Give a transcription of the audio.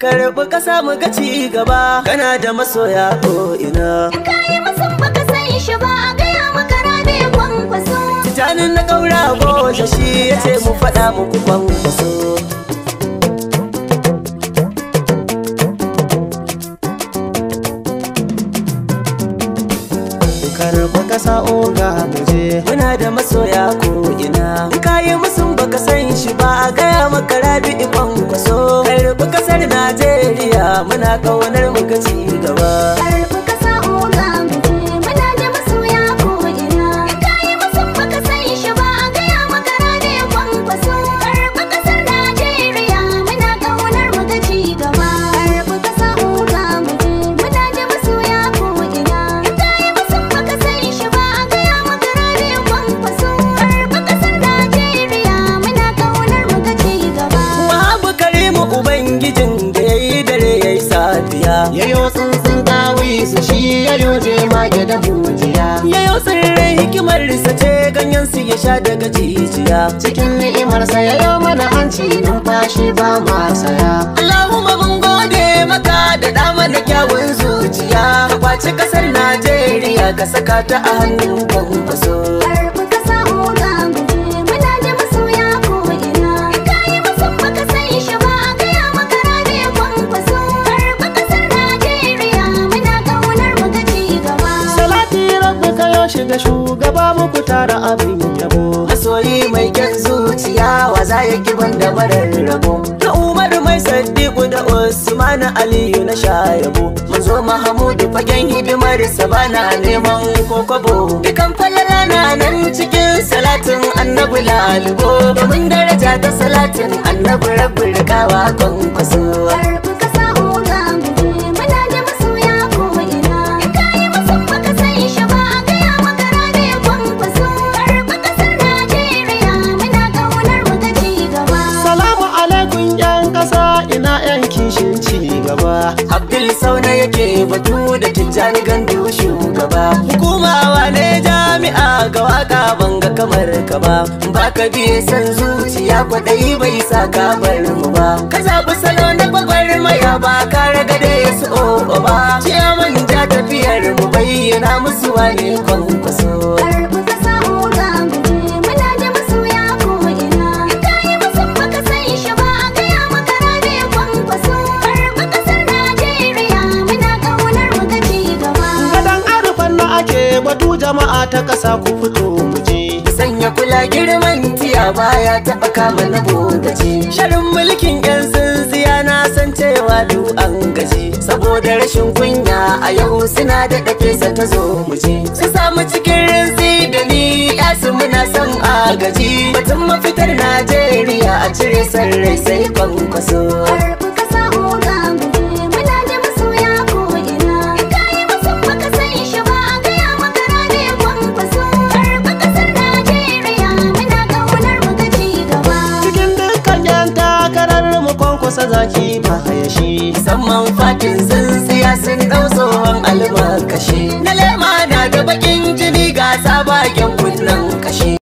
Karɓi ƙasa mu ga ci gaba kana da masoya ko ina. In ka yi musan baka san shi ba a gaya maka rabe kwankwaso. Titanin na ƙaura ko shi ya ce mu faɗa muku kwankwaso. Karɓi ƙasa oga muje. Muna da masoya ko ina. In ka yi musun baka san shi ba a gaya maka rabe kwankwaso. Najeriya muna kaunar mu kaci ya yayo tsuntsun tawi su shi yoje ma mage da bujiya yayo tsirrai hikimar risa ce ganyen su ya sha daga jijiya cikin ni'imar sa yayo mana hanci numfashi ba ma saya Allahumma mun gode maka da dama da kyawun zuciya ka kwaci kasar Najeriya ka saka ta a hannun gwamnati na shiga shugaba muku tara abin yabo masoyi mai kyan zuciya wa za ya ki da barar rabo Na umar mai sadiku da usman aliyu na shayabo mazo mahamudu fagen hidimar sabana neman kokobo dukan falala na nan cikin salatin annabu lalubo domin daraja ta salatin annabi rabu rikawa kan kwaso Sauna yake batu da Tijjani Gandu shugaba. Hukuma wane jami'a ga waka banga kamar ka ba. Ba ka biye san zuciya kwaɗayi bai sa ka bar mu ba. Ka zaɓi salo na maya ba ka raga da ya su ba. Ciyaman ja tafiyar mu bayyana musu wani jama'a ta ƙasa ku fito mu je. Sanya kula girman tiya baya taɓa kama na bogaci. Sharin mulkin 'yan sunziya na san cewa du an gaji. Saboda rashin kunya a yau suna da sa ta zo mu je. Su samu cikin rinsi da ni yasu muna son agaji. Batun mafitar Najeriya a cire sarrai sai kwankwaso. kusa zaki ba hayashi musamman fatin